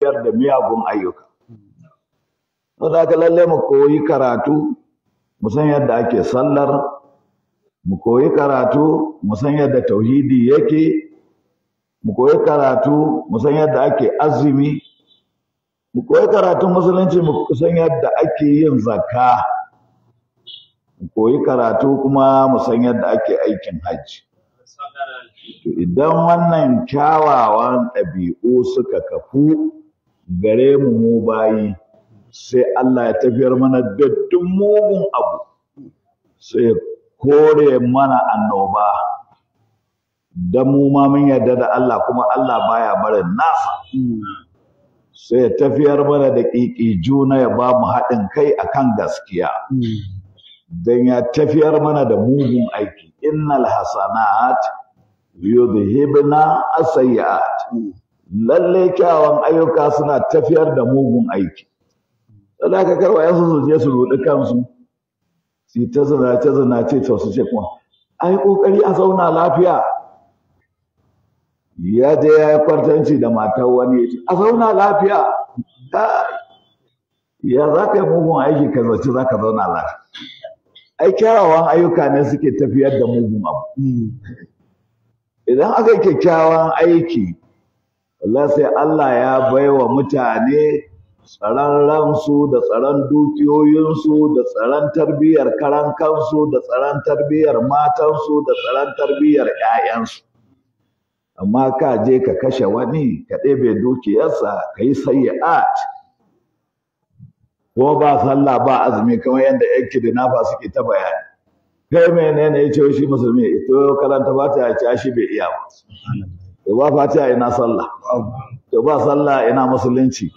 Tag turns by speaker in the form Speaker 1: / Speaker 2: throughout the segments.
Speaker 1: biyar da miyagun ayyuka za ka lalle mu koyi karatu mu san yadda ake sallar mu koyi karatu mu san yadda tauhidi yake mu koyi karatu mu san yadda ake azumi mu koyi karatun musulunci mu san yadda ake yin zakka mu koyi karatu kuma mu san yadda ake aikin hajji idan wannan kyawawan ɗabi'u suka kafu gare mu mu bayi sai Allah ya tafiyar mana da duk mugun abu sai kore mana annoba dan mu ma mun yarda da Allah kuma Allah baya barin nasa sai ya tafiyar mana da ƙiƙi juna ya ba mu haɗin kai akan gaskiya don ya tafiyar mana da mugun aiki innal hasanat yudhibna asayyat lalle kyawun ayyuka suna tafiyar da mugun aiki da ka karwa ya su je su rudi kansu su ta zinace zinace to su ce kuma ai kokari a zauna lafiya ya je ya kwartanci da matar wani a zauna lafiya ya za ka yi mugun aiki ka zaci za ka zauna lafiya ai kyawawan ayyuka ne suke tafiyar da mugun abu hmm. idan aka kyakkyawan aiki Allah sai Allah ya baiwa mutane tsaron ransu da tsaron dukiyoyinsu da tsaron tarbiyyar karan kansu da tsaron tarbiyyar matansu da tsaron tarbiyyar 'ya'yansu amma ka je ka kashe wani ka ɗebe dukiyarsa ka yi sayi'at ko ba sallah ba azumi kamar yadda yan kidnafa suke ta bayani kai menene ya ce shi musulmi ito karanta ba ta ya ci shi bai iya ba to ba fatiha ina sallah to ba sallah ina musulunci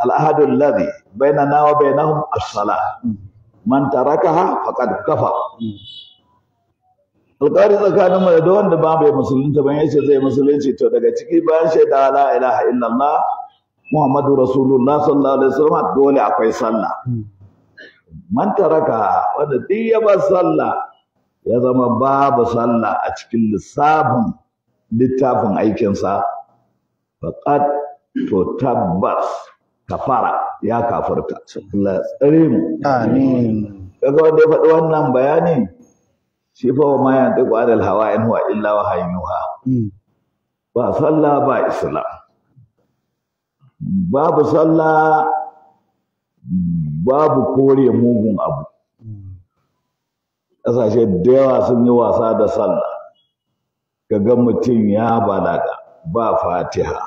Speaker 1: al-ahadul ladhi bainana wa bainahum as-salah man tarakaha faqad kafa alƙari tsakanin mu da wanda ba bai musulunta ban yace zai musulunci to daga ciki bayan shaida la ilaha illallah muhammadu rasulullah sallallahu alaihi wasallam dole akwai sallah man taraka wanda duk ya ba sallah ya zama babu sallah a cikin lissafin littafin aikinsa faqad to tabbas kafara ya kafurta Allah tsare mu amin kaga wanda ya faɗi wannan bayani shi fa wa mayan tiku adal hawa in huwa illa wahayin yuha mm. ba sallah ba islam babu sallah babu kore mugun abu mm. ƙasashe da yawa sun yi wasa da sallah kaga mutum ya balaga ba fatiha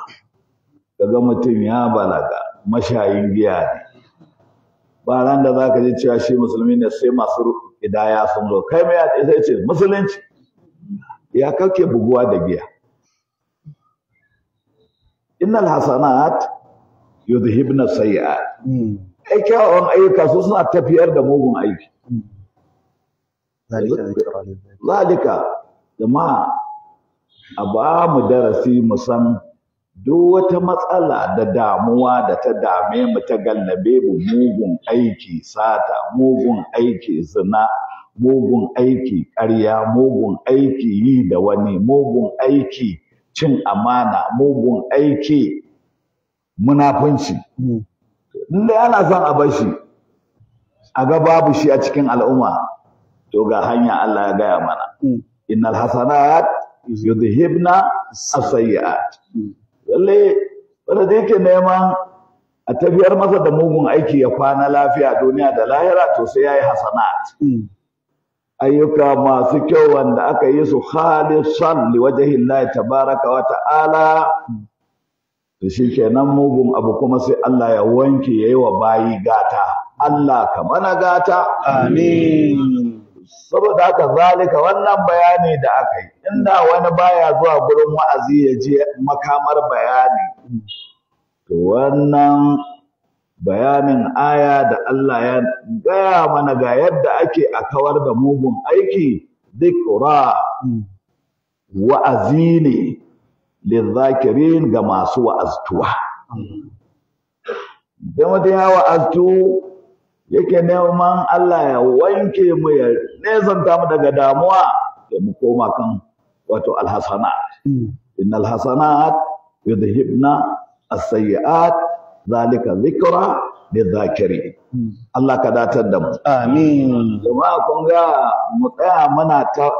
Speaker 1: kaga mutum ya balaga mashayin giya ne ba ran da zaka ji cewa shi musulmi ne sai masu idaya sun zo kai mai sai ce musulunci ya kake buguwa da giya innal hasanat yudhibna sayi'at kai kyawun ayyuka su suna tafiyar da mugun aiki hmm. zalika jama'a a ba mu darasi mu san duk wata matsala da damuwa da ta dame mu ta gallabe mu mugun aiki sata mugun aiki zina mugun aiki ƙarya mugun aiki yi da wani mugun aiki cin amana mugun aiki munafunci indai mm. ana son a bashi a ga babu shi a cikin al'umma to ga hanya Allah ya gaya mana mm. innal hasanat yudhibna as lalle wanda da yake neman a tafiyar masa da mugun aiki ya kwana lafiya duniya da lahira to sai yayi hasanat hmm. ayyuka masu kyau wanda aka yi su khalisan liwajhillahi tabaraka wa ta'ala to shi kenan mugun abu kuma sai Allah ya wanke yayi wa bayi gata Allah ka mana gata amin saboda haka zalika wannan bayani da aka yi inda wani baya zuwa gurin wa'azi ya je makamar bayani to wannan bayanin aya da Allah ya gaya mana ga yadda ake a kawar da mugun aiki dikra wa'azi ne lizakirin ga masu wa'aztuwa. Idan mm-hmm. wata ya wa'aztu yake neman Allah ya wanke mu ya nesanta mu daga damuwa da mu koma kan wato alhasana innal hasanat yudhibna as-sayyi'at zalika dhikra lidh Allah ka datar da mu amin kuma kun ga mu tsaya muna ta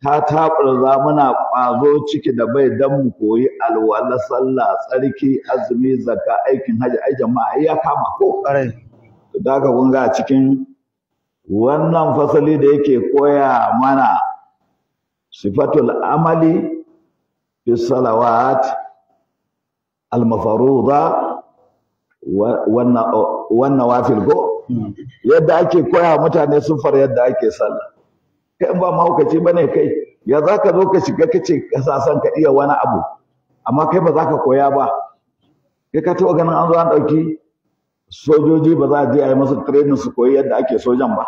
Speaker 1: ta taɓarza muna ƙwazo ciki da bai dan mu koyi alwala sallah tsarki azumi zakka aikin hajji ai jama'a ya kama ko ƙarai da aka kunga cikin wannan fasali da yake koya mana sifatul amali fi salawat al-mafaruda wannan wafil go yadda ake koya mutane sufar yadda ake sallah kai ba mahaukaci bane kai ya za ka zo ka shiga ka ce kasasan ka iya wani abu amma kai ba za ka koya ba kai ka taɓa ganin an zo an ɗauki sojoji ba za a je a yi masu tirenin su koyi yadda ake sojan ba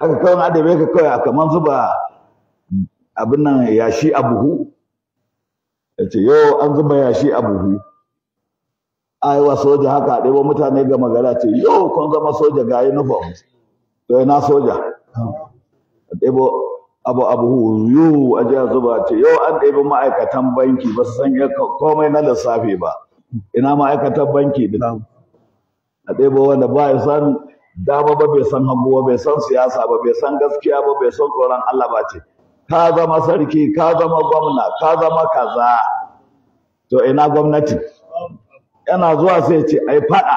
Speaker 1: haka kawai adabe ka kawai kamar zuba abin nan yashi a buhu ya ce yau an zuba yashi a buhu aiwa soja haka a ɗebo mutane ga magana ce yau kun zama soja ga nufa to na soja a ɗebo abu abu yu a jiya zuba ce yau an ɗebi ma'aikatan banki ba su san komai na lissafi ba ina ma'aikatan banki din a ɗebo wanda ba ya san dama ba bai san hagu ba bai san siyasa ba bai san gaskiya ba bai san tsoron Allah ba ce ka zama sarki ka zama gwamna ka zama kaza to ina gwamnati yana zuwa sai ce ai faɗa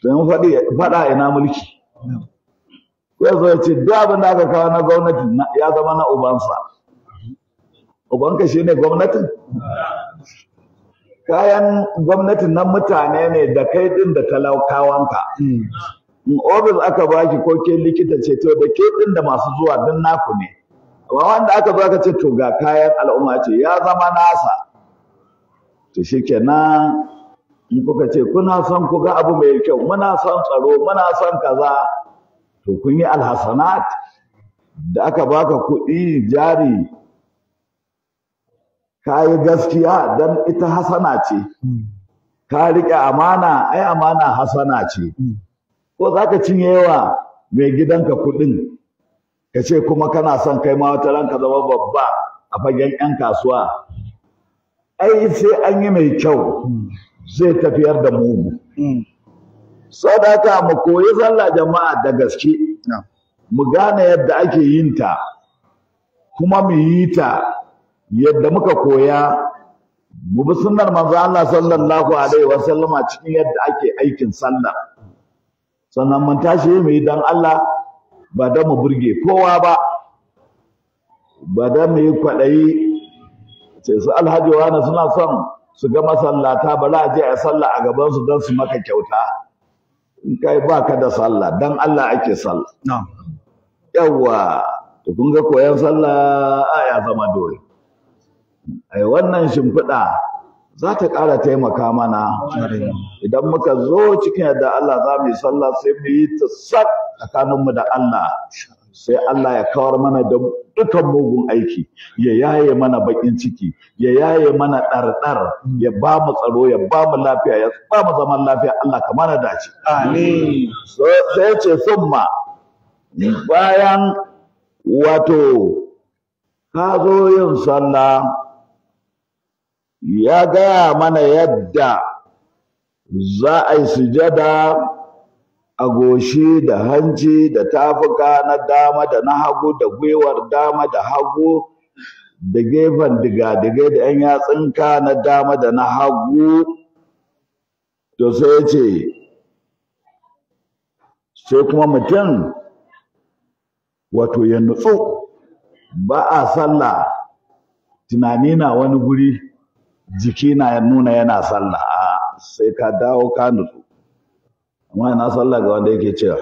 Speaker 1: to in faɗi faɗa ina mulki ya zo ya ce duk abin da aka kawo na gwamnati ya zama na ubansa ubanka shine gwamnatin kayan gwamnatin nan mutane ne da kai din da talaukawanka hmm. in ofis aka baki ko ke likita ce to da ke din da masu zuwa din naku ne amma wanda aka zo aka ce to ga kayan al'umma ce ya zama nasa to shikenan in kuka ce kuna son ku abu mai kyau muna son tsaro muna son kaza to kun yi alhasanat da aka baka kuɗi jari ka yi gaskiya don ita hasana ce hmm. ka riƙe amana ai amana hasana ce hmm. ko za ka cinye yawa mai gidanka kuɗin ka ce kuma kana son kai ma wata ranka zama babba a fagen 'yan kasuwa ai sai an yi mai kyau hmm. zai tafiyar da mugu sadaka mu koyi sallah jama'a da gaske mu gane yadda ake yin ta kuma mu yi ta yadda muka koya mu bi sunnar manzo Allah sallallahu alaihi wa sallama cikin yadda ake aikin sallah sannan mun tashi mu yi dan Allah ba da mu burge kowa ba ba da mu yi kwadayi sai su alhaji wani suna son su ga masallata ba za a je a sallah a gaban su don su maka kyauta in kai baka da sallah dan Allah ake sallah na'am yawa to kun ga koyan sallah a ya zama dole ai wannan shimfiɗa za ta ƙara taimaka mana idan muka zo cikin yadda Allah za mu yi sallah sai mu yi ta sak tsakaninmu da Allah sai Allah ya kawar mana da dukan mugun aiki ya yaye mana bakin ciki ya yaye mana ɗarɗar ya ba mu tsaro ya ba mu lafiya ya ba mu zaman lafiya Allah ka mana dace amin sai ce summa bayan wato ka zo yin sallah ya gaya mana yadda za a yi sujada a goshi da hanci da tafuka na dama da na hagu da gwiwar dama da hagu da gefen diga digadigai da 'yan yatsunka na dama da na hagu to sai ce sai kuma mutum wato ya nutsu ba a sallah tunani na wani guri jiki na nuna yana sallah a sai ka dawo ka nutsu amma ina sallah ga wanda yake cewa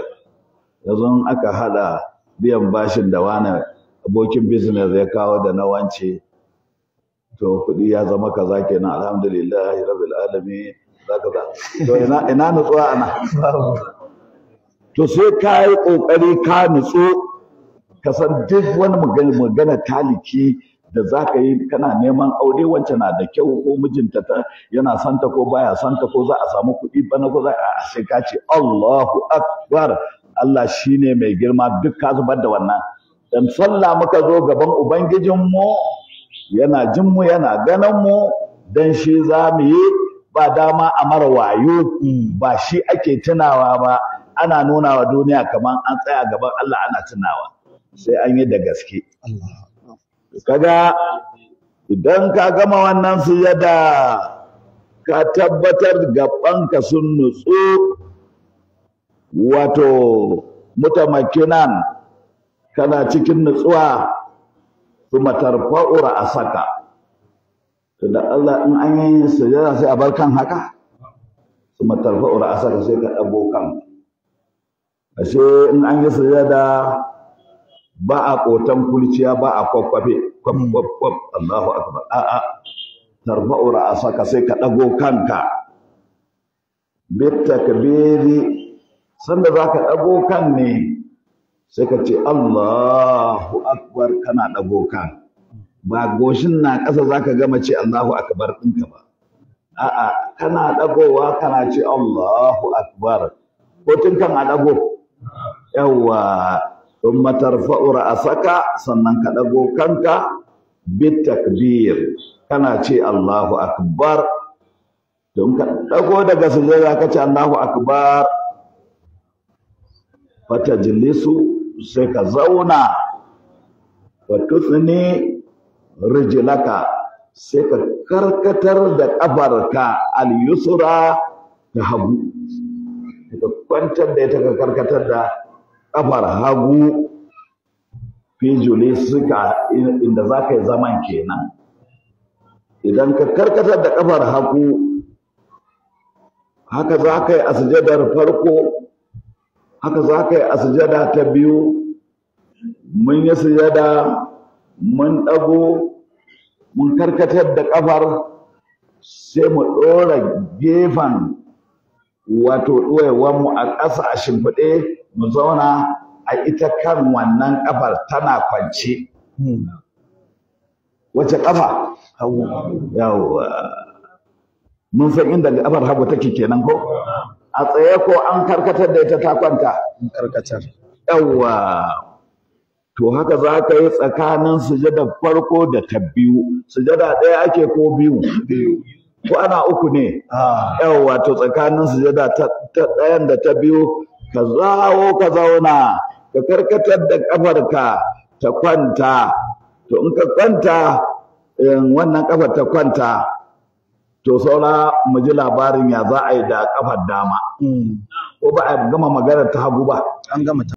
Speaker 1: yanzu aka hada biyan bashin da wani abokin business ya kawo da na wance to kudi ya zama kaza kenan alhamdulillah rabbil alamin zaka za to ina ina nutsuwa ana to sai ka yi kokari ka nutsu ka san duk wani magana taliki da za ka yi kana neman aure wacce na da kyau ko mijinta ta yana santa ko baya santa ko za a samu kuɗi bana ko za a sai ka ce Allahu Akbar Allah shi ne mai girma duk ka zubar da wannan dan sallah muka zo gaban ubangijinmu yana jin mu yana ganin mu dan shi za mu yi ba dama a mara wayo ba shi ake tunawa ba ana nuna wa duniya kamar an tsaya gaban Allah ana tunawa sai an yi da gaske Allah kaga idan ka gama wannan sujada ka tabbatar gabanka sun nutsu wato mutamakinan kana cikin nutsuwa kuma a saka. to da Allah in an yi sujada sai a bar kan haka kuma a saka sai ka dago kan ashe in an yi sujada ba a ƙotan kulciya ba a kwakwafe kwakwakwak Allahu akbar a'a tarba'u ra'asaka sai ka dago kanka bitakbiri sanda za ka ɗago kan ne sai ka ce Allahu akbar kana dago kan ba goshin na ƙasa zaka gama ce Allahu akbar ɗinka ba a'a kana dagowa kana ce Allahu akbar ko tun kan a dago yawwa thumma tarfa'u saka sannan ka dago kanka takbir kana ce Allahu akbar don ka dago daga sujada ka ce Allahu akbar fatajlisu sai ka zauna wa tuthni rijlaka sai ka karkatar da ƙafarka al-yusra ta hagu ka kwantar da ita ka karkatar da kafar hagu fijule suka inda za ka yi zaman kenan idan ka karkatar da kafar hagu haka za ka yi asijadar farko haka za ka yi asijada ta biyu mun yi sujada mun ɗago mun karkatar da kafar sai mu ɗora gefen wato ɗoyewarmu a ƙasa a shimfiɗe mu zauna a ita kan wannan ƙafar tana kwance. Hmm. Wace ƙafa? Yawwa. Mun san inda ƙafar hagu take kenan ko? A tsaye ko an karkatar da ita ta kwanta? An karkatar. Yawwa. To haka za ka yi tsakanin sujada farko da ta biyu. Sujada ɗaya ake ko biyu? Biyu. kwana uku ne ah. yawwa to tsakanin sujada ta ɗayan da ta biyu ka zawo ka zauna ka karkatar da ƙafarka ta kwanta to in ka kwanta wannan ƙafar ta kwanta to saura mu ji labarin ya za a yi da ƙafar dama mm. ko ba a gama magana ta hagu ba an gama